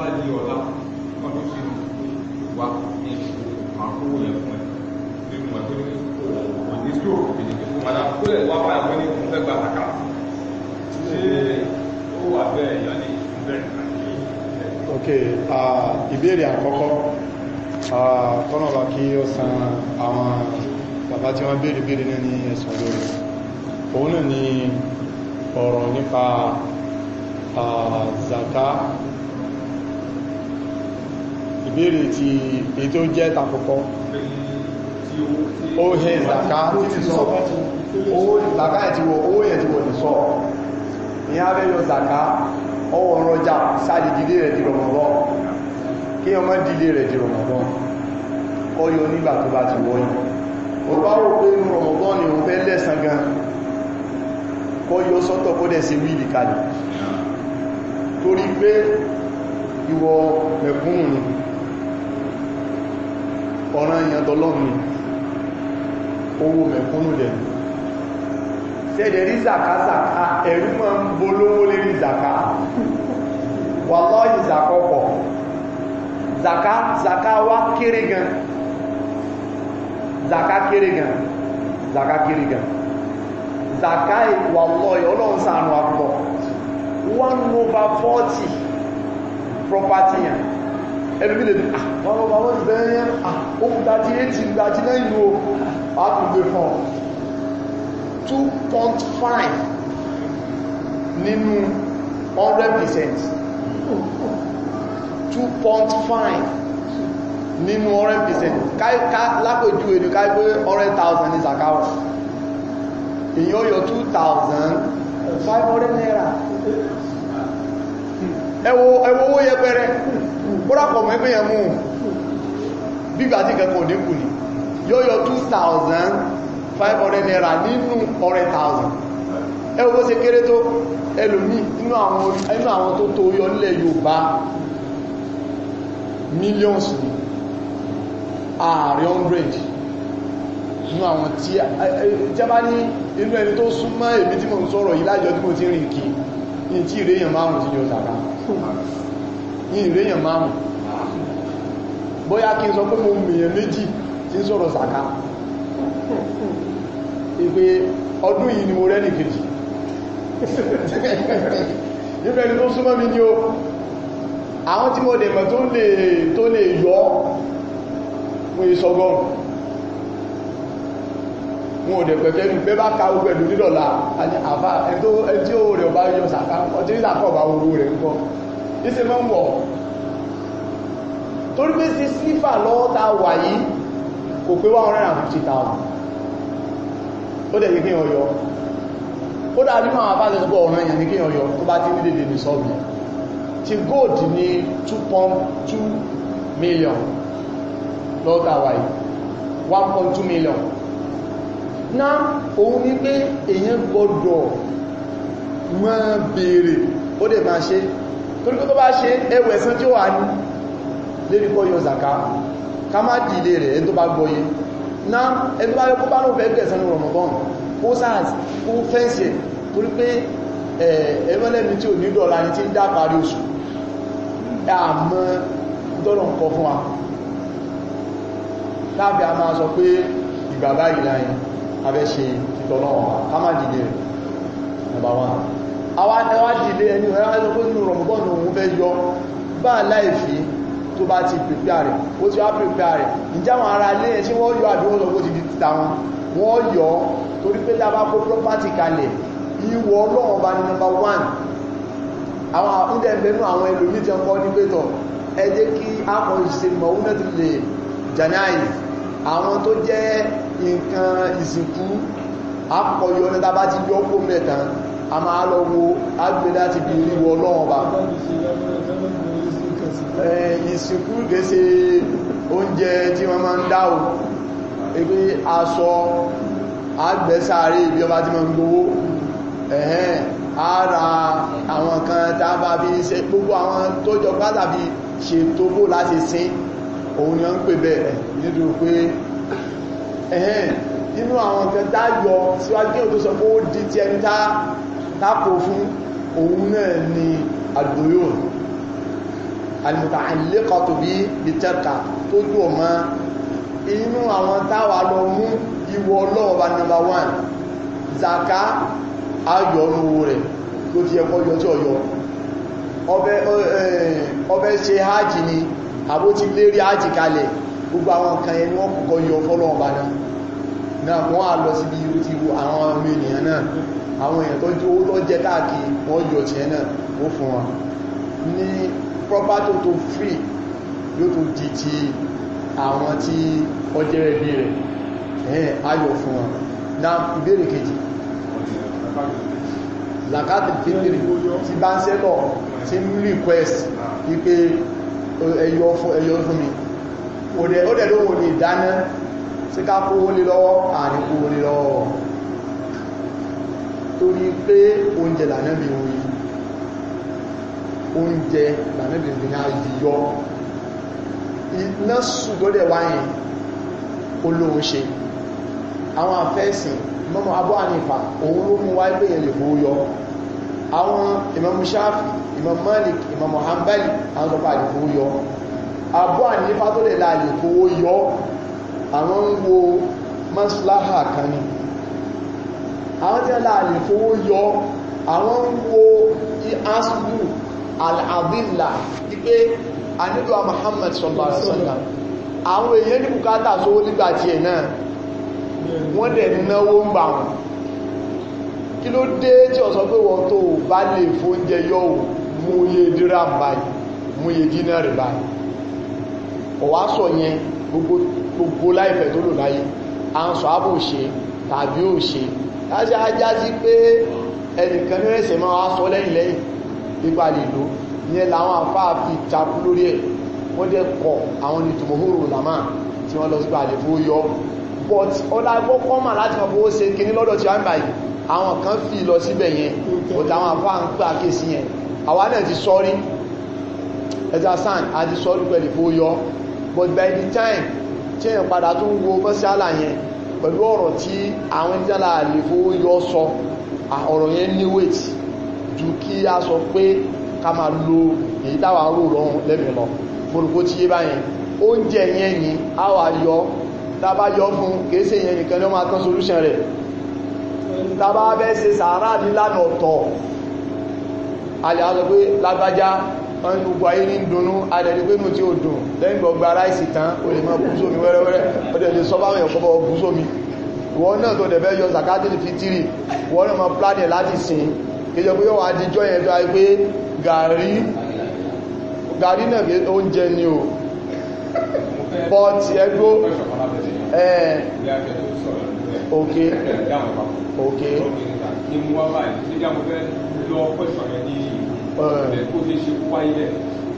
bá di ọ̀la ọdún sí wa ní àkówó yẹn fún ẹ bí mo ẹ pé kò ní tó ìdìbò fún wa náà kó lè wá báyà pé ní fẹ́ gba kàkà ṣé ó wà bẹ́ẹ̀ yá ní bẹ́ẹ̀ ok ìbéèrè àkọ́kọ́ tọ́nàbà kí ó san àwọn bàbá tí wọ́n béèrè béèrè náà ní ẹ̀sùn lórí òun náà ni ọ̀rọ̀ nípa zaka ìbéèrè ti ètò jẹ́ tàkọ́kọ́ ó hẹ ìzàká títí sọ ìzàká ẹ̀tíwọ̀ owó ẹ̀tíwọ̀ ní sọ ní abẹ́yọ ìzàká ọwọ́ rọjà sáàdìdílé rẹ̀ di rọmọdọ́ kí ọmọ dílé rẹ̀ di rọmọdọ́ ọyọ nígbà tó bá ti wọ́yí ó bá wò pé inú rọmọdọ́ ni òun fẹ́ lẹ́sàn gan kọ́ yọ sọ́tọ̀ kó dẹ̀ sí wíìlì kalẹ̀ torí pé ìwọ mẹ̀kúnnù ni ọ̀ràn èèyàn tọ́lọ́run owó mẹ̀kúnnù dẹ̀ sẹ́dẹ̀ zaka zaka ẹ̀rú ma ń bolówó zaka wà lọ́yì zaka ọkọ̀ zaka zaka wá kéré gan zaka kéré gan zaka kéré gan zaka wà lọ́yì ọlọ́run àpọ̀ one over forty property yẹn ẹlùmí lè wọ́n lọ bàbá ti bẹ̀rẹ̀ yẹn okùn dájí 18 dájí náà ìlú àkùngbè fún 2.5 nínú 100% 2.5 nínú 100% káíká lápòjú èdè káíkó 100,000 ní zakawọ̀ èyí ó yọ 2,500 naira ẹwọ owó yẹpẹrẹ kódà kọ̀ mọ́ ẹgbẹ́ yẹn mú bígbà tí kẹ́kọ̀ọ́ dínkù ni yóò yọ 2,500 naira nínú ọ̀rẹ́ 1,000 ẹ wo bó ṣe kéré tó ẹlòmí inú àwọn tó tó yọ nílẹ̀ Yorùbá millions ni ààrẹ 100 inú àwọn tí a bá ní inú ẹni tó súnmọ́ èmi tí mo ń sọ̀rọ̀ yìí lájọ tí mo ti rìn kí ní tí ìrẹ́yàn márùn-ún ti yọ sàrá ní ìrèyàn márùn bóyá kí n sọ pé mo mèèyàn méjì tí ń sọ̀rọ̀ sàká ìpé ọdún yìí ni mo rẹ́nì kejì nífẹ́ ni tó súnmọ́ mi ní o àwọn tí mo lè mọ̀ tó lè yọ mo yí sọgọ́rùn mo ò dẹ̀ pẹ̀kẹ́ ní pé bá ká ogun ẹ̀dùn nídọ̀lá àfá ẹni tí ó rẹ̀ ọba yọ sàká ọtí níṣe mọ́ mọ̀ torí pé ti slipper lọ́wọ́ ta wà yìí kò pé 150,000 ó dẹ̀ ní kí ọyọ́ ó dáa ní máa bá lè sọ́pọ̀ ọ̀rọ̀ èèyàn ní kí ọyọ́ tó bá ti ní dèdè ní sọ́bì ti gold ní 2.2 million lọ́wọ́ ta wà yìí 1.2 million náà òun ní pé èèyàn gbọ́dọ̀ máa béèrè ó dẹ̀ máa ṣe torí kó tó bá ṣe ẹwẹ̀ sán tí ó wà ní lérí kọ́ yọ zaka ká má dì ilé rẹ̀ ẹni tó bá gbọ́yé ná ẹni bá yọkó bá lóun fẹ́ gẹ̀ẹ́sán ní rọmọbọ́n kó sars kó fẹ́ǹsì torí pé ẹ̀ẹ́mọ́lẹ́ni tí ò ní dọ̀la ni ti ń dá parí oṣù àmọ́ dọ́lọ̀ ń kọ fún wa a máa sọ pé ìgbàbá ìlànà abẹ́ number one àwọn àtẹwájì ilé ẹni ẹranko nínú rọ̀mùbọ́n òun fẹ́ yọ bá láìfí tó bá ti pèpè rẹ̀ ó ti wá pèpè rẹ̀ ìjá àwọn ará ilé ẹ̀ tí wọ́n yọ àbí wọ́n lọ bó ti number one àwọn àkúndẹ̀ẹ́bẹ̀nú àwọn ẹlòmí tẹ́ kọ́ ní pẹ́tọ̀ ẹ jẹ́ kí akọ̀ọ̀ṣe mọ̀únẹ́tì lè jànáyì àwọn tó jẹ́ nǹkan ìsìnkú akọ̀yọ́ ní tàbá yọ́ kó mẹ́tàn a máa lọ wo agbè láti bí ìwọ ọlọ́wọ́n bá ìsìnkú gẹ́sẹ̀ oúnjẹ tí wọ́n máa ń dá o pé aṣọ agbẹ́sàárè ibi ọba tí wọ́n ń gbowó ẹ̀hẹ́n ara àwọn kan tábà bí iṣẹ́ gbogbo àwọn tó jọ pátàbí ṣètò bó láti sin òun ni wọ́n ń pè bẹ́ẹ̀ nítorí pé ẹ̀hẹ́n nínú àwọn kan tá yọ síwájú tó sọ pé ó di ti ẹni tá tako fún òun náà ni àdúyùn alìmọ̀tàlẹ́kọ̀tò bí bìtẹ́ka tó jù ọmọ inú àwọn táwà lọ mú ìwọ ọlọ́ọ̀bá nọmbà 1 zaka ayọ̀ ọlọ́wọ́ rẹ̀ ló ti ẹkọ́ yọ tí ọyọ ọbẹ̀ ṣe hajji ni àbó ti lérí hajji kalẹ̀ gbogbo àwọn kan ẹni wọ́n kọ̀kọ́ yọ fọ́lọ́ọ̀bá náà náà wọ́n á lọ síbi irú ti àwọn ọmọ ènìyàn náà àwọn èèyàn tó jẹ́ owó tó jẹ káàkiri wọ́n yọ tiẹ̀ náà ó fún wọn ní property tó free yóò tó di ti àwọn tí ọjẹ́ ẹbí rẹ̀ ẹ̀hẹ́n ayọ̀ fún wọn na ìbéèrè kejì làkàtì fìtìrì tí bá ń sẹ́lọ̀ tí ń request wípé ẹyọ fún mi ó dẹ̀ lóhun ní ìdáná sí ká kówó lé lọ́wọ́ àní kówó lé lọ́wọ́ torí pé oúnjẹ lànàbí orí oúnjẹ lànàbí orí ní ayíyọ iná ṣùgbọ́dẹ̀ wáyìn olóhun ṣe àwọn àfẹ́sìn mọ́mọ́ abọ́ ànífà òun ló mú wáyé pèyàn lè fòó yọ àwọn Imam Shafi Imam Malik Imam Hanbali àwọn ọ̀pá àlè fòó yọ abọ́ ànífà tó lè láàlè fòó yọ àwọn ń wo maslaha kan ni àwọn tí wọ́n lè fowó yọ àwọn ń wo asbu al-adilla wípé àníbíwá Muhammad sallallahu alaihi wasallam àwọn èèyàn ní bùkátà sówó nígbà tí ẹ̀ náà wọ́n dẹ̀ náwó ń bà wọn kí ló dé tí ó pé wọ́n tó bá lè fóúnjẹ yọ́ mú dírà báyìí mú dínà rẹ̀ báyìí ọ̀wá sọ yẹn gbogbo gbogbo láìfẹ̀ tó lò láyé à ń sọ àbò ṣe tàbí ò ṣe láti ajá sí pé ẹnìkan ní ẹsẹ̀ máa wá sọ lẹ́yìn lẹ́yìn pípa lè lò ìyẹn làwọn àfáà fi takú lórí ẹ̀ wọ́n dẹ̀ kọ̀ àwọn ìtùmọ̀hóró làmà tí wọ́n lọ sí pàdé fún yọ but ọlá ẹgbọ́ kọ́mà láti mọ̀ bó ṣe kíní lọ́dọ̀ tí wọ́n báyìí àwọn kan fi lọ síbẹ̀ yẹn but àwọn àfáà ń pè àkíyèsí yẹn àwa náà ti sọ́rí ẹja sand àti sọ́rí pẹ̀lú fún yọ but by the time tí èyàn padà tún wo mọ́síálà yẹn pẹ̀lú ọ̀rọ̀ tí àwọn ìjálà lè fowó yọ sọ ọ̀rọ̀ yẹn ní wéètì ju kí a sọ pé ká máa lo èyí táwà rò lọ́run lẹ́mìí lọ fòrùkó tí yé báyẹn oúnjẹ yẹn ni a wà yọ tàbá yọ fún kéèsè yẹn nìkan ni ó máa tán solution rẹ̀ tàbá bẹ́ ṣe sàárà ní lánà ọ̀tọ̀ alẹ́ wọ́n ní gbogbo ayé ní dùnnú adẹ̀dẹ̀ pé nù tí ó dùn lẹ́yìn gbogbo ara ìsì tán o lè mọ́ búsó mi wẹ́rẹ́wẹ́rẹ́ o dẹ̀ lè sọ́bà àwọn ẹ̀kọ́ bọ́ búsó mi wọ́n náà tó dẹ̀bẹ́ yọ zakatili fitiri wọ́n náà mọ́ pládẹ̀ láti sìn kejọ pé yọ́wọ́ adijọ́ yẹn tó pé o but ẹgbó ẹ̀ okay okay ẹ̀ kó ṣe ṣe wá ilẹ̀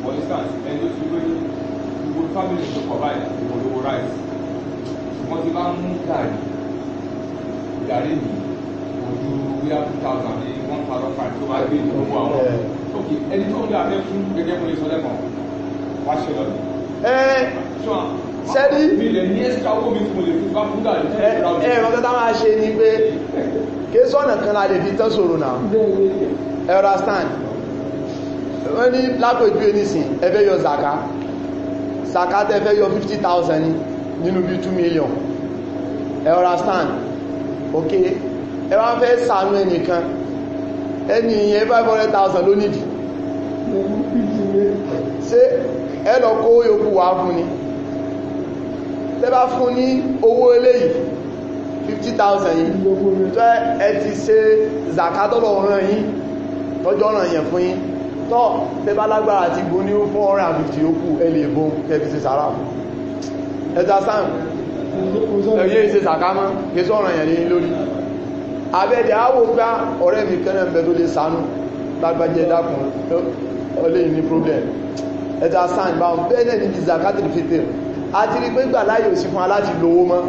for instance ẹni tó ti gbé gbogbo family tó kọ̀ báyìí kò rice ṣùgbọ́n tí bá ń mú gàrí gàrí mi kò ju bíyà two thousand ní one thousand five tó bá gbé ìdókòwò àwọn òkè ẹni tó ń gbé abẹ́ fún gẹ́gẹ́ bó lè sọ lẹ́kọ̀ọ́ wá ṣe lọ́dún. Eh. sẹ́ni mi lè ní ẹ ẹ ọ̀gá tá máa ṣe ni pé kí sọ́nà kan la lè fi tán sòrò náà ẹ understand wọ́n ní lápòjú ẹnìsìn ẹfẹ́ yọ zaka zaka tẹfẹ́ yọ 50,000 nínú bí 2 million ẹ̀rọ stand ok ẹ wá fẹ́ ṣàánú ẹnìkan ẹni ìyẹn 500,000 ló nìdí ṣe ẹ lọ kó yòókù wá fún ni tẹ́bá fún ní owó eléyìí 50,000 yìí tó ẹ ti ṣe zakatọ́lọ̀ ọ̀ràn yìí tọ́jọ́ ọ̀ràn yẹn fún yìí tọ́ tẹbá lágbára àti gbó ní 450 ó kù ẹlẹ́ ìbọn kẹfì sí sàárà ẹta sáàm ẹ̀yẹ ìṣe sàkámọ́ kẹsọ́ ọ̀rọ̀ ẹ̀yẹ̀ lẹ́yìn lórí abẹ́dẹ̀ àwò gbá ọ̀rẹ́ mi kẹ́rẹ̀ mẹ́ tó lè sánú lágbàjẹ́ dákùn ọlẹ́ ní problem ẹta sáàm bá bẹ́ẹ̀ ní zakatul fitr àti rí pé gbà láyé òsì fún aláti lówó mọ́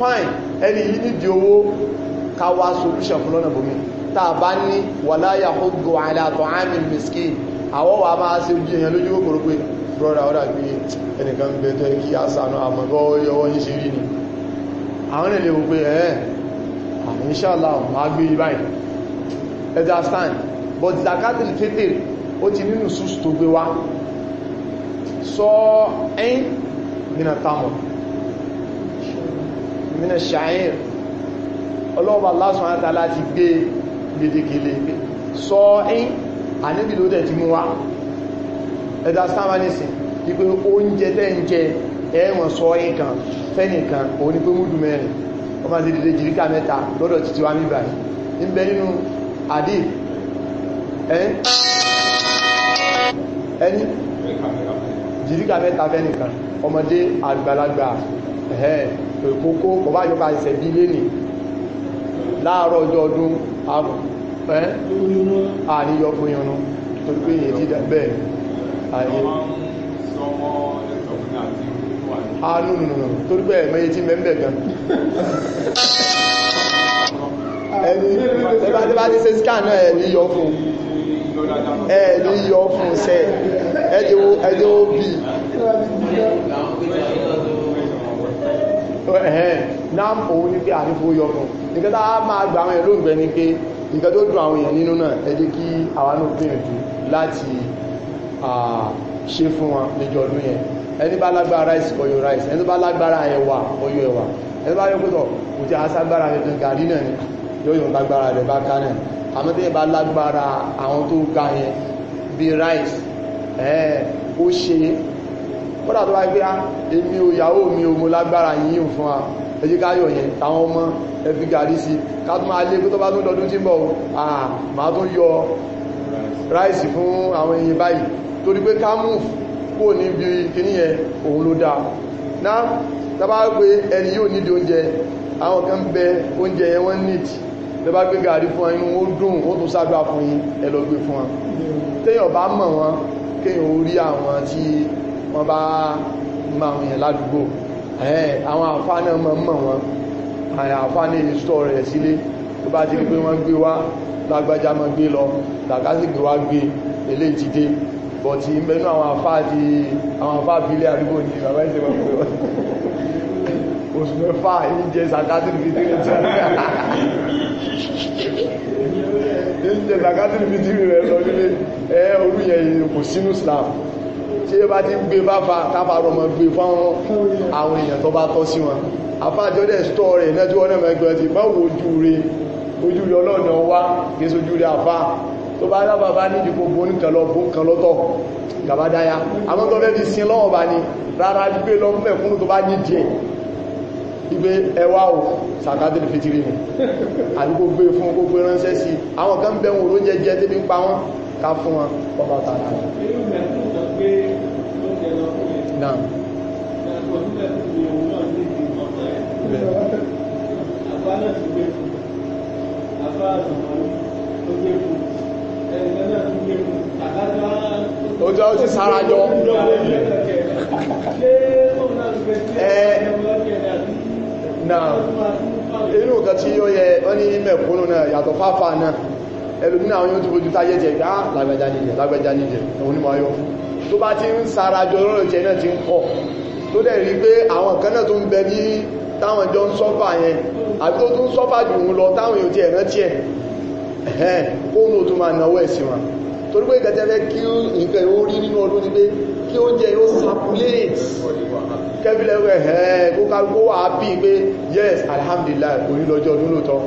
fine ẹni yìí nídìí owó ká wá solution fún lọ́nà bòmí tá a bá ní wàlá yahuddu ala ta'ami miskin àwọn wà máa ṣe ojú èèyàn lójú kòkòrò pé brọ́dà ọ̀dà pé ẹnìkan ń bẹ̀tọ́ kí a sànú àmọ́gọ́ ọwọ́ yìí ṣe rí ni àwọn ilé wò pé ẹ̀ àmì ìṣàlá máa gbé ibáyìí understand but zakatul fitr lásán àtàlá ti gbé gbèdékèlé sọ ẹ́yìn àníbì ló dẹ̀ ti mú wá ẹ̀dà sáwánísìn wípé oúnjẹ tẹ́ǹjẹ ẹ̀wọ̀n sọ ẹ́yìn kan fẹ́nìkan òun ni pé múdù mẹ́rin ọmọ sí dédé jìríkà mẹ́ta lọ́dọ̀ títí wá mí báyìí ń bẹ nínú àdí ẹni jìríkà mẹ́ta fẹ́nìkan ọmọdé àgbàlagbà ẹ̀ẹ́ òkókó kọ̀bájọba ìṣẹ̀bí lénìí láàárọ̀ ọjọ́ ọdún àníyọ fún yọnu torí pé èyí ti dà bẹ́ẹ̀ àyè ànúnùnù torí bẹ́ẹ̀ mẹ́yí tí mẹ́mbẹ̀ gan ẹni tẹ́bá ti ṣe scan náà ẹni yọ fún ẹni yọ fún sẹ ẹjẹ́ ó bí ẹ̀hẹ́ náà òun ní pé àrífò yọkùn nǹkan tá a máa gba àwọn ẹ̀lú ìgbẹ́ ni pé nǹkan tó dùn àwọn èèyàn nínú náà ẹ jẹ́ kí àwa náà gbìyànjú láti ṣe fún wọn lójú ọdún yẹn ẹni bá lágbára rice ọyọ rice ẹni bá lágbára ẹ̀wà ọyọ ẹ̀wà ẹni bá yọ pé tọ̀ kò tí a ságbára rẹ̀ gan gàrí náà ni yóò yọ lágbára rẹ̀ bá ká náà àmọ́ tí bá lágbára àwọn tó ga yẹn bí rice ẹ̀ẹ́ ó ṣe kódà tó wáyé pé ah, èmi ò yàwó mi ò mo lágbára yìí fún wa ẹjẹ́ káyọ̀ yẹn táwọn ọmọ ẹbí gàrí sí ká tún máa e lé kó tó bá tún dọdún tí ń bọ̀ àà máa tún yọ ráìsì fún àwọn èèyàn báyìí torí pé ká mú kó níbi kíní yẹn òun ló dáa náà tábà pé ẹni yóò nídi oúnjẹ àwọn kan bẹ oúnjẹ yẹn wọ́n nídìí lẹ́bá gbé gàrí fún inú ó dùn ó tún sáàdọ́ fún yín ẹ lọ gbé fún wọn téèyàn bá mọ̀ wọn kéèyàn ó rí àwọn tí wọ́n bá máa wọ̀nyẹ̀ ládùúgbò àwọn àfá náà mọ̀ mọ̀ wọn àyà àfá ní ìsọ́ rẹ̀ sílé tó bá ti pé wọ́n gbé wá lágbájá mọ́ gbé lọ làkásì gbé wá gbé ilé ìtìdé bọ̀tí mẹ́nu àwọn àfá ti àwọn àfá bílé àdúgbò ní bàbá ìṣẹ́ wọn pé oṣù mẹ́fà ìjẹ sàkásì fìtìrì tí ìjẹ sàkásì fìtìrì rẹ̀ lọ nílé ẹ orú yẹn kò sínú Islam tí ẹ bá ti gbé bá fa káfà rọmọ gbé fáwọn àwọn èèyàn tó bá tọ́ sí wọn àfáàjọ́ dẹ̀ stọ́ rẹ̀ lẹ́jọ́ ọ̀nà mẹ́gbẹ̀ẹ́ ti bá wo ojú rẹ̀ ojú rẹ̀ ọlọ́nà wá késo ojú rẹ̀ àfá tó bá lábà bá ní ìdìbò bóní kan lọ bóní kan lọ́tọ̀ gàbádáyá àwọn tó lẹ́bí sin lọ́wọ́ bá ní rárá gbé lọ mẹ́ fún tó bá ní díẹ̀ ibé ẹwà ò sàkátìlì fitiri ni àti kó gbé fún kó gbé ránṣẹ́ sí àwọn kan bẹ̀wọ̀n ló jẹ́jẹ́ débi ń pa wọ́n ká fún wọn ọba tààrà náà òjò ó ti sára jọ náà inú nǹkan tí ó yẹ wọ́n ní mẹ̀kúnnù náà yàtọ̀ fáfá náà ẹlùmínà àwọn yóò tó bójú táyé jẹ ìgbà ah, lágbàjá nìjẹ̀ lágbàjá nìjẹ̀ òun ni ma yóò fún tó bá ti ń sarajọ lọ́rọ̀ jẹ náà ti ń pọ̀ tó dẹ̀ rí pé àwọn kan náà tó ń bẹ ní táwọn jọ ń sọ́fà yẹn àbí tó tún sọ́fà jù ń lọ táwọn èèyàn ti ẹ̀ rántí ẹ̀ ẹ̀hẹ́n kóhùn tó máa náwó ẹ̀sìn wọn torí pé ìgbẹ́tẹ́fẹ́ kí nǹkan ó rí nínú ọdún ni pé kí oúnjẹ yóò circulate kẹfìlẹ́wẹ̀ ẹ̀hẹ́n kó kálukó wà á bí pé yes alhamdulillah kò ní lọ́jọ́ ọdún lóòótọ́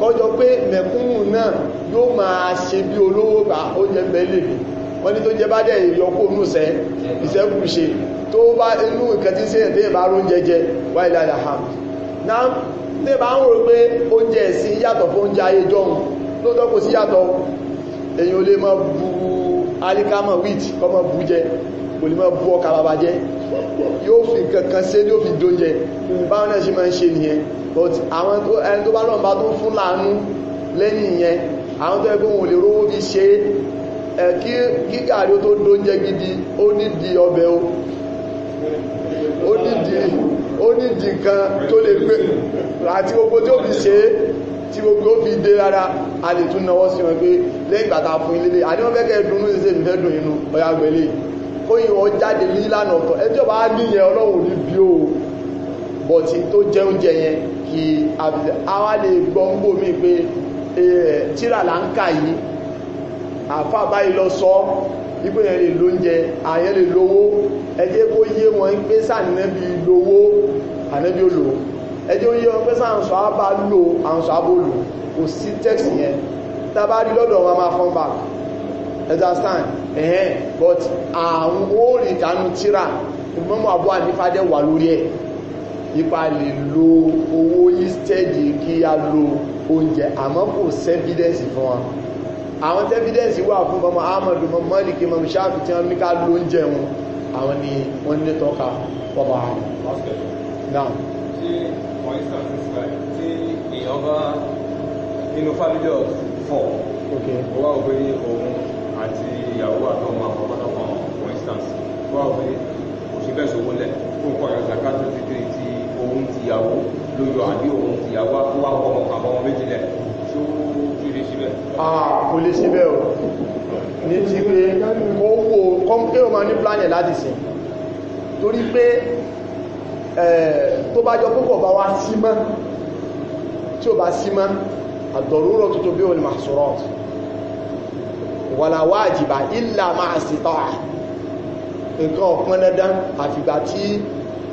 kọjọ pé mẹ̀kúnnù náà yóò máa ṣe bí olówó bá oúnjẹ mẹ́lẹ̀ mi wọ́n ní tó jẹ bá dẹ̀ ìyọkó inú sẹ́ ìṣẹ́kù ṣe tó bá inú nǹkan tí sẹ́yìn tẹ́yìn bá rún jẹjẹ wáyé láyà ha náà tẹ́yìn bá ń rò pé oúnjẹ ẹ̀sìn yàtọ̀ fún oúnjẹ ayé jọun lóòótọ́ kò sí yàtọ̀ èyàn lè máa bu alikama wheat kọ́ máa bu jẹ kò lè máa bu ọkà bàbà jẹ yóò fi kankan ṣe yóò fi dóúnjẹ báwọn náà máa ń ṣe nìyẹn but àwọn ẹni tó bá náà bá tó fún láàánú lẹ́yìn ìyẹn àwọn tó ẹgbẹ́ wọn ò lè rówó fi ṣe ẹ̀kí kíkàrí ó tó dóúnjẹ gidi ó nídìí ọbẹ̀ o ó nídìí ó nídìí kan tó lè gbé àti gbogbo tí ó fi ṣe é tí gbogbo ó fi dé rárá a lè tún náwó sí wọn pé lẹ́yìn bàtà fún ilé àdéhùn fẹ́ kẹ́ dunú ṣe ìfẹ́ dùn inú ọ̀yà gbẹ̀lẹ́ kóyìn ọ jáde ní ìlànà ọ̀tọ̀ ẹjọ́ bá níyẹn ọlọ́run ní bí o bọ̀tí tó jẹ oúnjẹ yẹn kí àwa lè gbọ́ ń gbòmí pé tíra là ń kà yìí àfà báyìí lọ sọ ipò yẹn lè lóúnjẹ àyẹn lè lówó ẹjẹ́ kó yé wọn pé sànẹ́bí lówó ànẹ́bí ó lò ẹjẹ́ ó yé wọn pé sàǹsọ́ àbá lò àǹsọ́ àbó lò kò sí text yẹn tàbá rí lọ́dọ̀ wọn máa fọ́n back understand ẹ̀hẹ́n but àwọn orí ìdánú tíra ìmọ́mọ̀ àbúwà ní fàdẹ̀ wà lórí ẹ̀ ipa lè lo owó yìí stẹ́ẹ̀dì kí a lo oúnjẹ àmọ́ kò sẹ́bídẹ́sì fún wọn àwọn tẹ́fídẹ́ǹsì wà fún mọ́mọ́ ahmadu mọ́mọ́ mọ́lìkì mọ́mọ́ sáàfì tí wọ́n ní ká ló ń jẹ wọn àwọn ni wọ́n ní tọ́ka pọ̀bà náà inú family of four ó wá òpé òun àti ìyàwó àtọ́mọ àpapọ̀lọpọ̀ for instance ó wá òpé òṣìbẹ̀ ṣòwò lẹ̀ fún kọ̀ọ̀yọ̀ zakat tó ti dé ti òun ti ìyàwó lóyọ àbí òun ti ìyàwó àkọ́wà ọmọ àbọ̀mọ méjìlẹ̀ Ah, kò lè síbẹ̀ o ní ti pé kó wò kọ́mpé o ma ní plánẹ̀ láti sìn torí pé tó bá jọ púpọ̀ bá wá sí mọ́ tí ó bá sí mọ́ àdọ̀rúrọ̀ tó tó bí olè máa sọ̀rọ̀ wàlà wájìbà ìlà máa sì tọ́ à nǹkan ọ̀pọ̀ dandan àfìgbà tí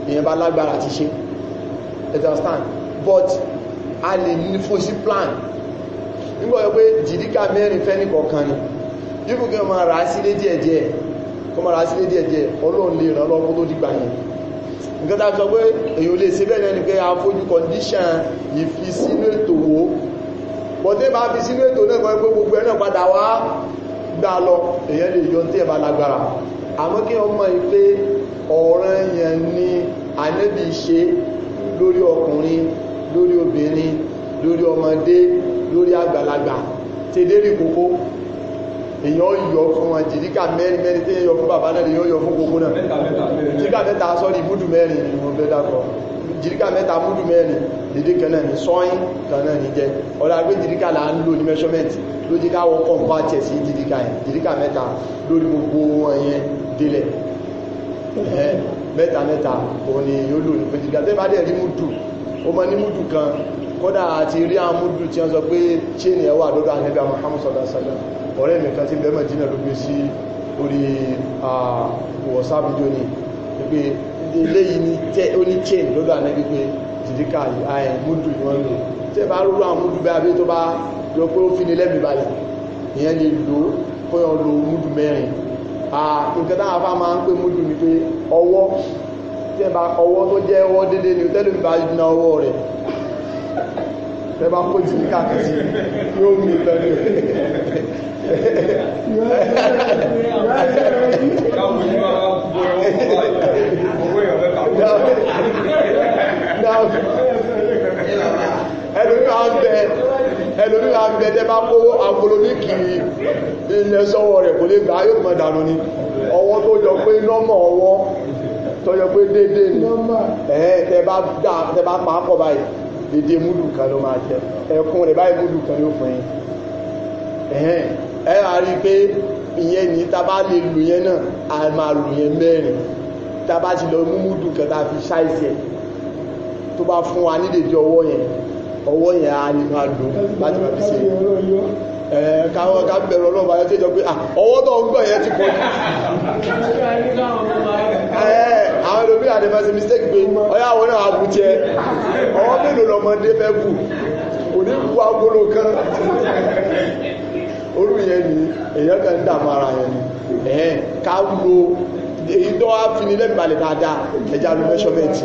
èyàn bá lágbára ti ṣe understand but a lè ní fosí plan nígbà wípé jìdíkà mẹ́rin fẹ́ ní kọ̀ọ̀kan ni yíkù kí wọ́n máa rà á sílé díẹ̀díẹ̀ kó máa rà á sílé díẹ̀díẹ̀ ọlọ́run lè ràn lọ́wọ́ tó dìgbà yẹn nǹkan tá a sọ pé èyàn lè ṣe bẹ́ẹ̀ ni condition ìfi sínú ètò wo bọ́tẹ́ bá fi sínú ètò náà kọ́ pé gbogbo ẹ̀ náà padà wá gbà lọ èyàn lè yọ tí ẹ̀ bá lágbára àmọ́ kí wọ́n mọ̀ pé ọ̀ràn yẹn ni ànẹ́bí ṣe lórí ọkùnrin lórí obìnrin lórí ọmọdé lórí àgbàlagbà tẹ́dẹ́rì kókó èyàn yọ fún wọn jìdíkà mẹ́rin mẹ́rin tí yọ fún bàbá náà yọ fún kókó náà jìdíkà mẹ́ta sọ́rí múdù mẹ́rin ni wọ́n fẹ́ dákọ̀ jìdíkà mẹ́ta múdù mẹ́rin dédé kan náà ní sọ́yìn kan náà ní jẹ́ ọ̀la gbé jìdíkà là ń lò ní mẹ́ṣọ́mẹ́ntì ló jẹ́ káwọ́ kọ̀ǹpáàtì sí jìdíkà yẹn jìdíkà mẹ́ta lórí gbogbo wọn yẹn délẹ̀ mẹ́ta mẹ́ta òun ni yóò lò ní pé jìdíkà tẹ́ bá dẹ̀ rí múdù ó mọ ní múdù kan kódà àti rí àmúdù tí wọ́n sọ pé chaini ẹwà àdọ́dọ̀ ànẹ́bí Muhammad sallallahu alaihi wasallam ọ̀rẹ́ mi kan ti bẹ́ẹ̀ Mẹ́dínà ló gbé sí orí WhatsApp jọ ni pé eléyìí ní chain lọ́dọ̀ ànẹ́bí pé jìdíkà àmúdù ni wọ́n lò tẹ́ bá rúrú àmúdù bẹ́ abé tó bá lọ pé ó fi ní lẹ́mì balẹ̀ ìyẹn lè lò kó ni pé na ọwọ́ ẹbá kó jì ní kàkàtí yóò mi tọ́lú ẹlòmí wa bẹ tẹ bá kó agolo ní kiri ilẹ̀ sọ́wọ́ rẹ̀ kò lè gbà yóò mọ̀ dànù ni ọwọ́ tó jọ pé nọ́mọ̀ ọwọ́ tó jọ pé déédéé ni ẹ̀ tẹ bá pa á kọ́ báyìí dédé múdù kan ló máa jẹ ẹkún rẹ̀ báyìí múdù kan ló fún yín ẹ á rí i pé ìyẹn ní tá lè lò yẹn náà a máa lò yẹn mẹ́rin tá bá ti lọ mú múdù kan tá fi ṣáìsì ẹ̀ tó bá fún wa nídèédé ọwọ́ yẹn ọwọ́ yẹn a ní máa lò láti máa fi ṣe káwọn ká bẹ̀rù ọlọ́run bá yẹn tó jọ pé ọwọ́ tó ń gbọ̀ yẹn ti pọ̀ jù ẹlòmí àdẹ̀fà sí mistake pé ọyá àwọn náà àbújẹ ọwọ́ mélòó lọmọdé fẹ́ bù kò ní kú agolo kan orú yẹn ni èyàn kan ń dààmú ara yẹn ni ẹ̀ẹ́n ká lo èyí tó wá fi ní lẹ́nu dáadáa ẹja lo measurement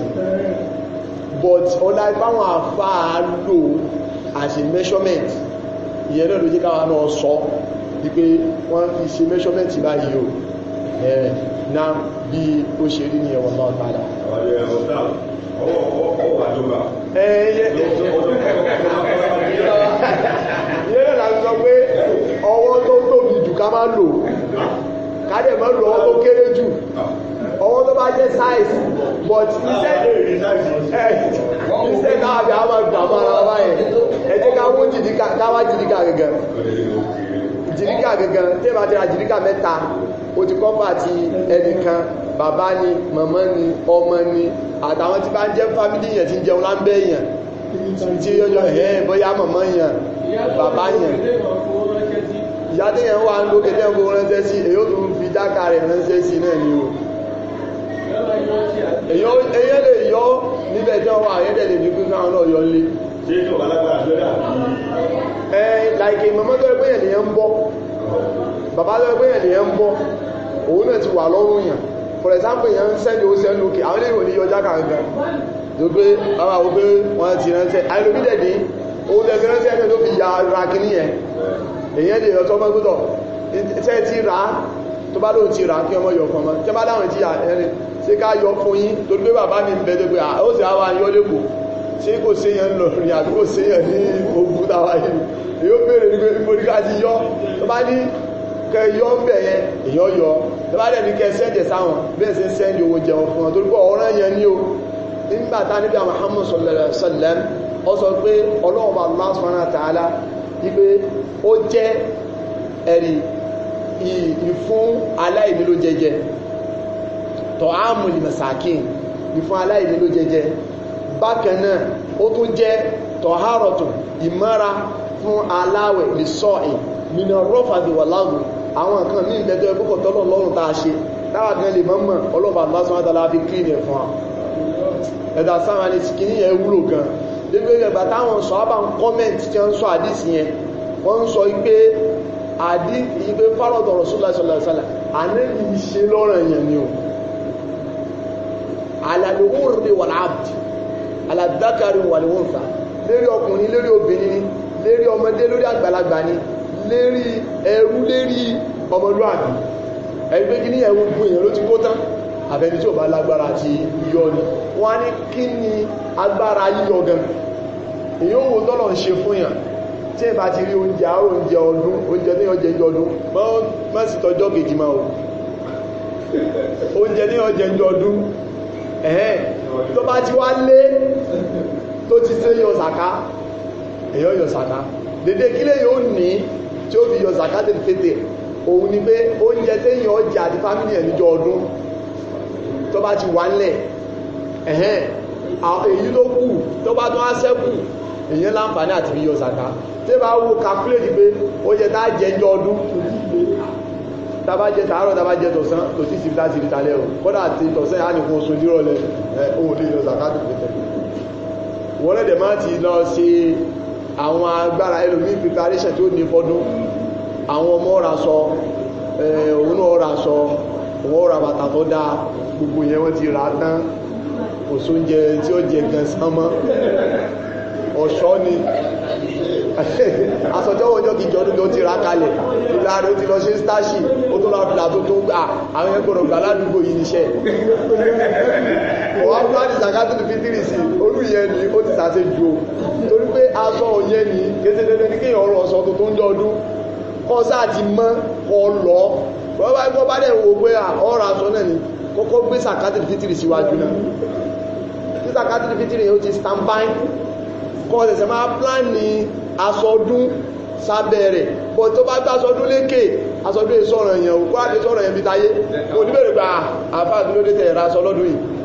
but ọ̀la ìbáwọn àfáà lò as a measurement ìyẹn náà ló jẹ́ káwa náà sọ wípé wọ́n fi ṣe measurement báyìí o. na bí ó ṣe rí ní ẹwọ̀n náà padà ọwọ́ tó tóbi jù ká lò kádẹ̀ lò ọwọ́ tó kéré jù ọwọ́ tó bá jẹ́ size but iṣẹ́ a máa ẹjẹ́ ká jìdíkà gẹ́gẹ́ jìdíkà gẹ́gẹ́ tí bá jìdíkà mẹ́ta o ti kọ́ pàtí ẹnìkan bàbá ni màmá ni ọmọ ni àtàwọn tí bá ń jẹ́ fámílì yẹn ti ń jẹun lábẹ́ èèyàn tí yọjọ ẹ̀ bóyá màmá yẹn bàbá yẹn ìyá téèyàn wà ń lókè tẹ́ owó ránṣẹ́ sí èyí ó tún fi dáka rẹ̀ ránṣẹ́ sí náà ni o èyí lè yọ níbẹ̀ tí wọ́n wà ayẹ́dẹ̀ lè fi kúkú àwọn náà yọ lé ẹ̀ láìkè màmá tó ẹgbẹ́ yẹn lè ń ń bọ́ òun náà ti wà lọ́rùn yàn for example yẹn ń sẹ́ni ó sẹ́ni òkè àwọn eléyìí ò ní yọjá kankan tó pé bàbá wo pé wọ́n ti ránṣẹ́ àìlóbi dẹ̀dí òun tẹ̀sí ránṣẹ́ ẹni tó fi ya ra kínní yẹn èyí ẹ̀ lè yọ sọ́mọ́ gbọ́dọ̀ ṣe ti rà á tó bá lóun ti rà á kí ọmọ yọ fún ọmọ tẹ́ bá láwọn ti yà ẹni ṣé ká yọ fún yín tó pé bàbá mi ń bẹ tó pé ó sì á wá yọ lẹ́kọ̀ọ́ ṣé kò ṣe yẹn lọ rìn àbí ṣe yẹn ní ogun táwa yìí èyí ó béèrè nígbè kẹ yọ ń bẹ̀ yẹn èyàn yọ tẹ́bàdẹ̀ ní kẹ sẹ́ǹdẹ̀ sáwọn bẹ́ẹ̀ sí sẹ́ǹdẹ̀ owó jẹun fún ọ torípọ̀ ọ̀ràn yẹn ní o nígbà tá níbi Muhammad sallallahu alaihi wasallam ọ sọ pé ọlọ́ọ̀bà Allah subhanahu wa ta'ala wípé ó jẹ́ ẹ̀rí ìfún aláìní ló jẹjẹ tọ́ áàmù lìmẹ̀sàkín ìfún aláìní ló jẹjẹ àwọn nǹkan ní ìgbẹ́jọ́ ẹgbọ́kọ̀ tọ́lọ̀ lọ́rùn tá a ṣe táwa gan lè mọ́mọ́ ọlọ́pàá lásán àtàlà fi kí ní ẹ̀fọn ẹ̀dà sára ní ti kìíní yẹn wúlò gan dégbé ẹgbà táwọn sọ ábà ń kọ́mẹ̀ntì tí wọ́n sọ àdísì yẹn wọ́n ń sọ pé àdí ìgbé fárọ̀dọ̀ Rasulullah sallallahu alaihi wasallam àníbi ìṣe lọ́rọ̀ èèyàn ni o alàlùwòrìdè wà láàbùdì alàdákàrí wà lè wọ́n fà lérí ọkùnrin lérí obìnrin lérí ọmọdé lórí àgbàlagbà ni lérí ẹrú lérí ọmọlúwàbí ẹni pé kí ní ẹ̀wọ̀n gbogbo èèyàn ló ti kó tán àbẹ́ni tí ò bá lágbára àti yíyọ ni wọ́n á ní kí ni agbára yíyọ gan èyí ò wò tọ́lọ̀ ń ṣe fún yàn tí ẹ bá ti rí oúnjẹ àárò oúnjẹ ọdún oúnjẹ ní ọjẹ ìjọ ọdún mọ́ sí tọjọ́ kejì máa o oúnjẹ ẹ̀hẹ́n tó bá ti wá lé tó ti tẹ́ sàká èyọ́ yọ sàká dédé kílé yóò ní tí ó fi yọ zakate tètè òun ni pé oúnjẹ téèyàn ọjà àti fámìlì ẹ̀ níjọ ọdún tó bá ti wà ńlẹ̀ ẹ̀hẹ́n èyí ló kù tó bá tún á sẹ́kù èyàn láǹfààní àti fi yọ zaka tí bá wo calculate pé oúnjẹ tá a jẹ níjọ ọdún tàbá jẹ tàárọ̀ tàbá jẹ tọ̀sán tó sì sí láti rí talẹ́ o kọ́dà àti tọ̀sán á nìkan oṣù nírọ̀lẹ́ òun lè yọ zaka tó fi tẹ̀ wọ́n lẹ́dẹ̀ máa ti lọ ṣe àwọn agbára ẹlòmí preparation tí ó ní fọdún àwọn ọmọ ọ̀rà sọ òun náà ọ̀rà sọ òun ọ̀rà bàtà tó dáa gbogbo yẹn wọ́n ti rà á tán kò sóúnjẹ tí ó jẹ gan sánmọ́ ọ̀ṣọ́ ni asọ̀jọ́wọ́ ọjọ́ kìjọ ti rà kalẹ̀ láàrin ti lọ ṣe stáṣì ó tó lọ́pìlà tó tó gbà àwọn ẹgbẹ̀rún ládùúgbò yìí níṣẹ́ wàá fún àti sàkátìlì fitiri sí olùyẹn ni ó ti sàṣe ju o torí pé aṣọ òyẹn ni kété dandan ní kéèyàn ọrọ̀ ọ̀sán tó tó ń jọ ọdún kọ́ sáà ti mọ́ kọ́ lọ wọ́n bá gbọ́ bá dẹ̀ wò pé ọ̀rọ̀ aṣọ náà ni kọ́kọ́ gbé sàkátìlì fitiri síwájú náà tí sàkátìlì fitiri yẹn ó ti stampine kọ́ ṣẹ̀ṣẹ̀ máa plan ní aṣọ ọdún sábẹ́ rẹ̀ bọ̀ tó bá gbá aṣọ ọdún lékè aṣọ ọdún èso ọ̀rọ̀ yẹn òkú àti èso ọ̀rọ̀ yẹn bí táyé òní bèrè gbà àfáà tó ló dé tẹ̀ ra aṣọ yìí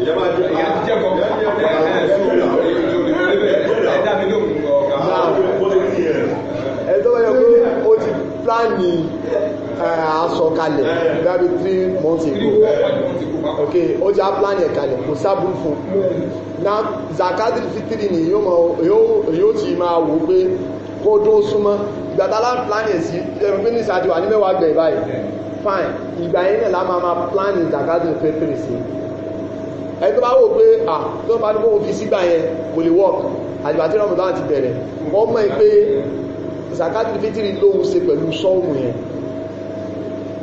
ẹ̀dọ́ bá yẹ pé ó ti pláàni àsọ̀kalẹ̀ gbábi 3 months ago ok ó ti á pláàni ẹ̀kalẹ̀ kò sábúrú fún na zakadri fitiri ni yóò ti máa wò pé kó dó súnmọ́ ìgbàtàlá pláàni ẹ̀sí mínísà ti wà ní mẹ́wàá gbẹ̀ báyìí fine ìgbà yẹn náà lá máa máa pláàni zakadri fitiri sí ẹni tó bá wò pé à tó bá ní kó fi sígbà yẹn kò lè wọ́ọ̀kì àjùbà tí rọ̀mù láti bẹ̀rẹ̀ wọ́n mọ̀ pé zakati fitiri lóhun ṣe pẹ̀lú sọ́ọ̀mù yẹn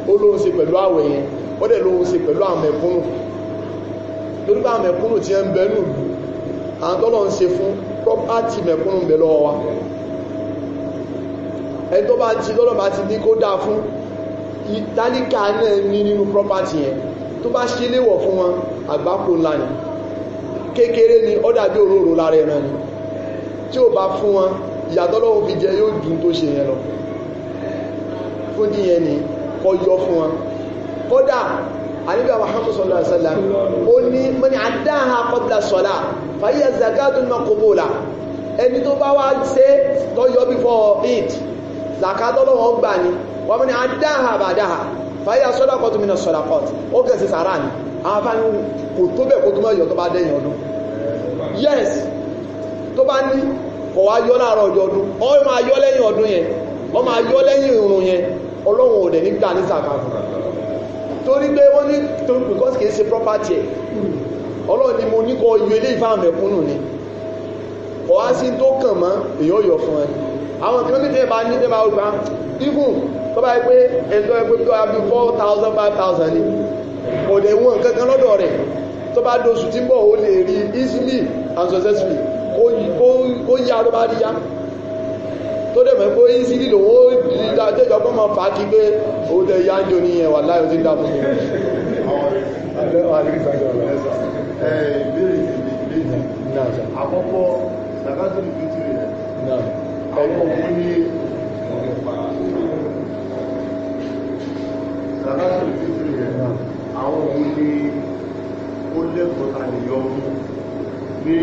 ó lóhun ṣe pẹ̀lú àwẹ̀ yẹn ó dẹ̀ lóhun ṣe pẹ̀lú àmẹ̀kúnnù lórí bá àmẹ̀kúnnù ti ẹ ń bẹ̀rù àwọn tọ́lọ̀ ń ṣe fún property mẹ̀kúnnù bẹ̀ lọ́wọ́ wa ẹni tó bá ti lọ́lọ́ bá ti ní kó dáa fún ìtálíkà náà ní nínú property yẹn tó bá ṣe léwọ̀ fún wọn àgbákò ńlá ni kékeré ni ó dàbí òróró lára ẹran ni tí ò bá fún wọn ìyàtọ̀ lọ́wọ́ fi jẹ yóò dùn tó ṣe yẹn lọ fún díyẹn ni kọ́ yọ fún wọn kódà àníbí àwọn sọ́lá sọ́lá ó ní mọ́ni àdáhà kọ́bílà sọ́lá fàyíyà zagadun makobóla ẹni tó bá wá ṣe tọ́yọ́ before eid zakadọ́lọ́wọ́ gbà ní wọ́n mọ́ni àdáhà bàdáhà fàyíyà sọ́lá kọ́tùmínà sọ́lá kọ́tù ó kẹsì sàrá ni àwọn kò tó bẹ̀ kó tó mọ́ yọ tó bá dẹ́yìn ọdún yes tó bá ní kọ̀ wá yọ láàárọ̀ ọjọ́ ọdún ọ máa yọ lẹ́yìn ọdún yẹn ọ máa yọ lẹ́yìn ìrùn yẹn ọlọ́run ò dẹ̀ ní gbà ní torí pé wọ́n ní kìí ṣe property ẹ̀ ọlọ́run ni mo ní kọ́ yọ ilé ni sí tó kàn mọ́ yọ fún ẹ àwọn ọ̀dẹ̀ wọn kankan lọ́dọ̀ rẹ̀ tó bá dóṣù tí ń bọ̀ ó lè rí easily and successfully ó yá ló bá rí yá tó dẹ̀ mẹ́ pé easily lòun ó rí dájẹ́jọ́ pọ́n mọ́ fà á kí pé ó tẹ̀ yá ń jò ní ẹ̀wà láì ó ti ń dá fún mi. àkọ́kọ́ sàkátìrì fìtì rẹ̀ àwọn òun ní sàkátìrì fìtì rẹ̀ náà àwọn òun ni ó lẹ́kọ̀ọ́ ta lè yọ mú pé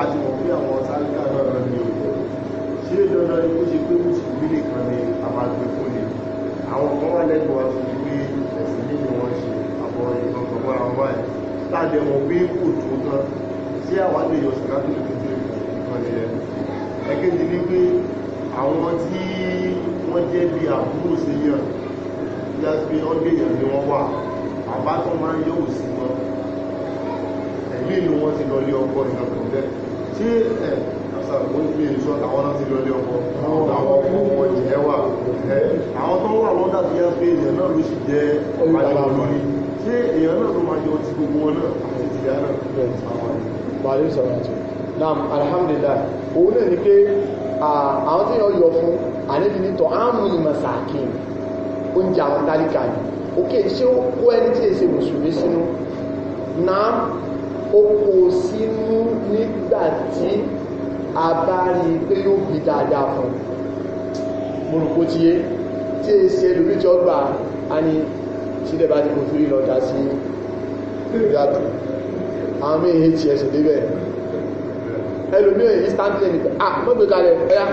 a ti mọ̀ pé àwọn sáríkà náà ní òkú ṣé dandan ni ó ṣe pé mùsùlùmí nìkan ni a máa gbé fún ni àwọn kan wà lẹ́kọ̀ọ́ wa ti fi pé ẹ̀sìn nínú wọn ṣe àbọ̀ ìgbọ̀n kan mọ́ra wọn báyìí láti ẹ̀mọ̀ pé kò tó tán sí àwọn àlejò ṣìkà tó lè fi nìkan ni ẹ̀ ẹ̀kejì ni pé àwọn tí wọ́n àbá tó máa ń yóò sí wọn ẹ̀mí ìlú wọn ti lọlé ọkọ nǹkan tó jẹ́ tí ẹ̀ àṣàkó ń fi ìṣọ́ àwọn náà ti lọlé ọkọ àwọn ọkọ wọn jẹ́ wà àwọn tó wà lọ́dà tí yá pé èèyàn náà ló sì jẹ́ ọ̀pájọ́ lórí tí èèyàn náà ló máa jọ ti gbogbo wọn náà àti ìyá náà bàálù sọ̀rọ̀ àti nam alhamdulillah òun náà ni pé àwọn tí yọ yọ fún àníbi nítọ̀ àmì ìmọ̀sàkín oúnjẹ àwọn tálíkà yìí òkè ṣé ó kó ẹni tí èsè mùsùlùmí sínú náà ó kó sínú nígbà tí a bá rí pé yóò bí dáadáa fún mùrùkú tí yé tí èsè lórí tí ó gbà á ní sílẹ̀ bá ti kò fúrí lọ dá sí ìyàtọ̀ àwọn mí hts débẹ̀ ẹlòmí ah mọ́gbẹ̀ kalẹ̀ ẹ̀yà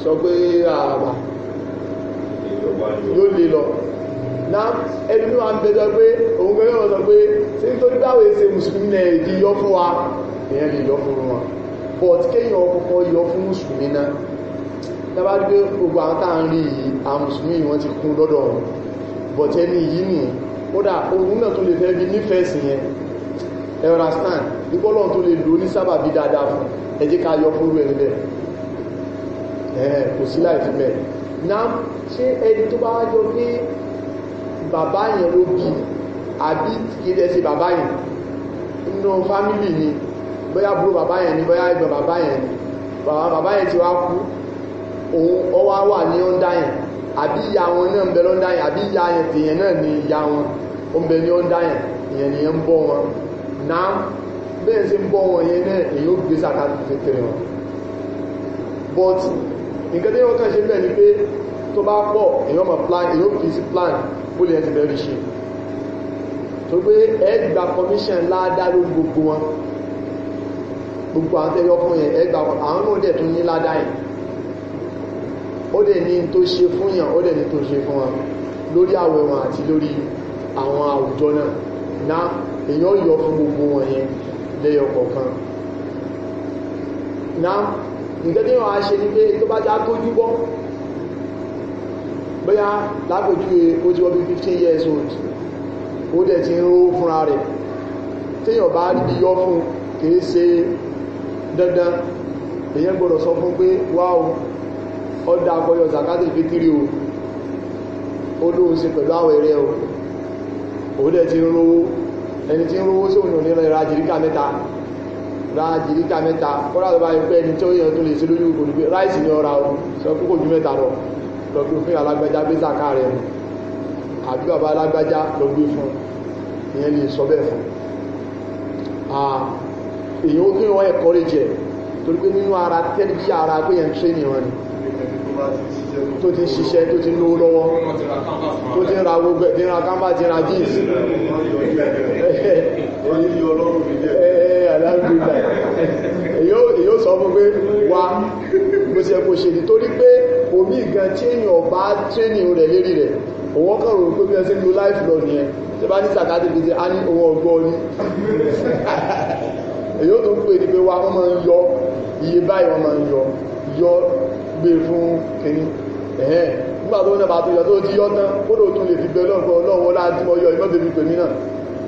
sọ pé ah, àbà yóò lè lọ náà ẹni tó wà ń bẹjọ pé òun gbẹ́rẹ́ wọn sọ pé ṣé nítorí báwo ṣe mùsùlùmí náà èdè yọ fún wa èèyàn lè yọ fún wọn but kéèyàn ọkọ̀ yọ fún mùsùlùmí náà lábá rí pé gbogbo àwọn tá à ń rí yìí àwọn mùsùlùmí wọn ti kún lọ́dọ̀ wọn but ẹni yìí nì kódà ogun náà tó lè fẹ́ bí nífẹ̀ẹ́ sí yẹn ẹ̀rọ stand ìgbọ́lọ́n tó lè lò ní sábàbí dáadáa fún ẹ jẹ́ ká yọ fún rú ẹni bẹ́ẹ̀ ẹ̀ẹ́ kò sí láì fi bẹ́ẹ̀ náà ṣé ẹni tó bá wájọ pé bàbá yẹn ló bí àbí baba dẹ̀ ṣe bàbá yẹn nínú fámìlì ni bóyá búrò bàbá yẹn ni bóyá Baba bàbá yẹn ni bàbá yẹn ti wá kú òun ọwá wà ní ọ́ndá yẹn àbí ìyá wọn náà ń bẹ lọ́ndá yẹn àbí ìyá yẹn tèèyàn náà ni ìyá wọn ó ń bẹ ní ọ́ndá yẹn ìyẹn nìyẹn ń bọ́ wọn náà bẹ́ẹ̀ but nǹkan tí kàn ṣe bẹ́ẹ̀ ni pé tó bá pọ̀ èyí ó mọ̀ plan bólú ẹ̀ ti bẹ̀rẹ̀ ṣe tó pé ẹ commission ládá lórí gbogbo wọn gbogbo àwọn tẹ́lẹ̀ ọkùnrin yẹn ẹ gba àwọn náà dẹ̀ tún ní ládá yìí ó dẹ̀ ní tó ṣe fún yàn ó dẹ̀ ní tó ṣe fún wọn lórí àwẹ̀ wọn àti lórí àwọn àwùjọ náà ná èèyàn yọ fún gbogbo wọn yẹn lẹ́yọ kọ̀ọ̀kan ná nǹkan tí wọ́n á ṣe ni pé tó bá já tójú bọ́ bóyá lápèjúwe ó ti wọ́n bí fifteen years old ó dẹ̀ ti ń ró fúnra rẹ̀ téèyàn bá rí yọ fún kìí ṣe dandan èyàn gbọ́dọ̀ sọ fún pé wá o ọdá akọyọ zakati fitiri o ó lóun ṣe pẹ̀lú àwọn ẹ̀rẹ́ o ó dẹ̀ ti ń rówó ẹni tí ń rówó sí òun ní ra jìríkà mẹ́ta ra jìríkà mẹ́ta kọ́lá tó bá yẹ pé ẹni tí ó yẹ tó lè ṣe lójú kò ní pé ráìsì ní ọ̀ra o sọ fún kò ju mẹ́ta lọ lọ gbé fún alágbájá bí zaka rẹ̀ nù àbí bàbá alágbájá lọ gbé fún ìyẹn lè sọ bẹ́ẹ̀ fún èyí ó kí wọ́n ẹ̀kọ́ lè jẹ torí pé nínú ara tẹ́lẹ̀ bí ara pé yẹn tréní wọn ni tó ti ṣiṣẹ́ tó ti lówó lọ́wọ́ tó ti ra gbogbo ẹ̀ tí ra kámbá ti ra jeans èyí ó sọ fún pé wá mo ṣe kò ṣe nítorí pé omi gan tí èèyàn ọba tírénìn rẹ̀ lérí rẹ̀ òun kàn rò pé bí ẹ ṣe ń lọ nìyẹn tí bá ní sàkátì gidi á ní ohun ọgbọ́n ni èyí ó tó pè ní pé wa wọ́n máa ń yọ iye báyìí wọ́n máa ń yọ yọ gbé fún kìíní ẹ̀hẹ́n nígbà tó náà bá tó yọ tó ti yọ tán ó lò tún lè fi bẹ ọlọ́run fún ọlọ́run ọlá tí mo yọ ìmọ̀tẹ̀bí pèmí náà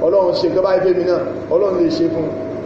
ọlọ́run ṣe gẹ́bá ìfẹ́mi náà ọlọ́run lè ṣe fún un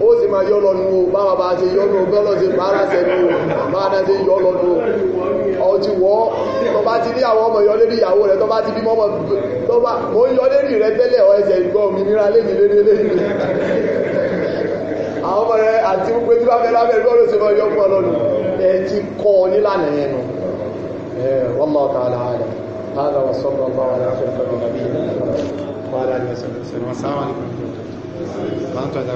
ó sì máa lọ́nu o bá ma ṣe yọ́nu o bọ́lọ̀ ṣe bá aláṣẹ o bá n'ụwa ṣe yọ́ lọ́nu o ọtí wọ́ tó bá ti rí àwọn ọmọ yọ lérí ìyàwó rẹ tó bá ti bí mọ́mọ́ tó bá yọ rẹ tẹ́lẹ̀ ọ ẹsẹ̀ ìgbọ́ mi nira lémi àwọn ọmọ rẹ àti wípé tí Tanto é da